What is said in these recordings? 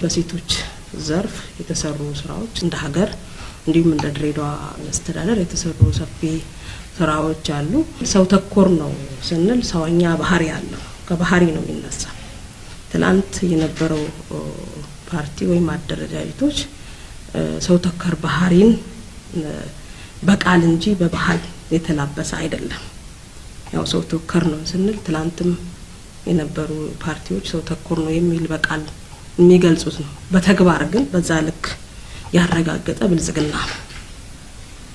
በሴቶች ዘርፍ የተሰሩ ስራዎች እንደ ሀገር እንዲሁም እንደ ድሬዳዋ መስተዳደር የተሰሩ ሰፊ ስራዎች አሉ። ሰው ተኮር ነው ስንል ሰውኛ ባህሪ አለው። ከባህሪ ነው የሚነሳ። ትላንት የነበረው ፓርቲ ወይም አደረጃጀቶች ሰው ተኮር ባህሪን በቃል እንጂ በባህል የተላበሰ አይደለም። ያው ሰው ተኮር ነው ስንል ትላንትም የነበሩ ፓርቲዎች ሰው ተኮር ነው የሚል በቃል የሚገልጹት ነው። በተግባር ግን በዛ ልክ ያረጋገጠ ብልጽግና ነው።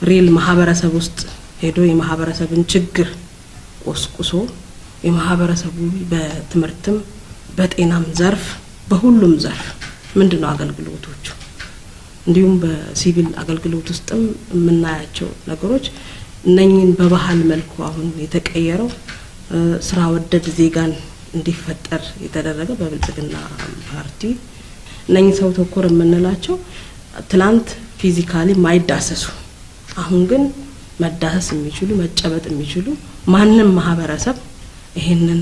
ሪል ማህበረሰብ ውስጥ ሄዶ የማህበረሰብን ችግር ቆስቁሶ የማህበረሰቡ በትምህርትም በጤናም ዘርፍ በሁሉም ዘርፍ ምንድን ነው አገልግሎቶቹ፣ እንዲሁም በሲቪል አገልግሎት ውስጥም የምናያቸው ነገሮች እነኝን በባህል መልኩ አሁን የተቀየረው ስራ ወደድ ዜጋን እንዲፈጠር የተደረገ በብልጽግና ፓርቲ እነኝህ ሰው ተኮር የምንላቸው ትላንት ፊዚካሊ ማይዳሰሱ አሁን ግን መዳሰስ የሚችሉ መጨበጥ የሚችሉ ማንም ማህበረሰብ ይሄንን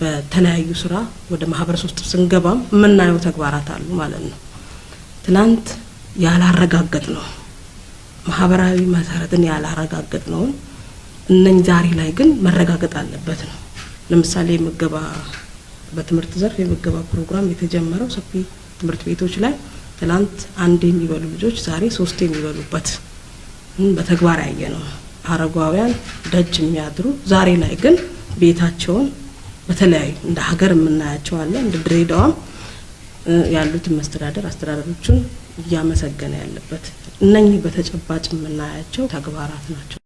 በተለያዩ ስራ ወደ ማህበረሰብ ውስጥ ስንገባም የምናየው ተግባራት አሉ ማለት ነው። ትላንት ያላረጋገጥ ነው ማህበራዊ መሰረትን ያላረጋገጥ ነውን እነኝ ዛሬ ላይ ግን መረጋገጥ አለበት ነው። ለምሳሌ ምገባ በትምህርት ዘርፍ የምገባ ፕሮግራም የተጀመረው ሰፊ ትምህርት ቤቶች ላይ ትናንት አንድ የሚበሉ ልጆች ዛሬ ሶስት የሚበሉበት በተግባር ያየ ነው። አረጋውያን ደጅ የሚያድሩ ዛሬ ላይ ግን ቤታቸውን በተለያዩ እንደ ሀገር የምናያቸው አለ። እንደ ድሬዳዋም ያሉትን መስተዳደር አስተዳደሮችን እያመሰገነ ያለበት እነኚህ በተጨባጭ የምናያቸው ተግባራት ናቸው።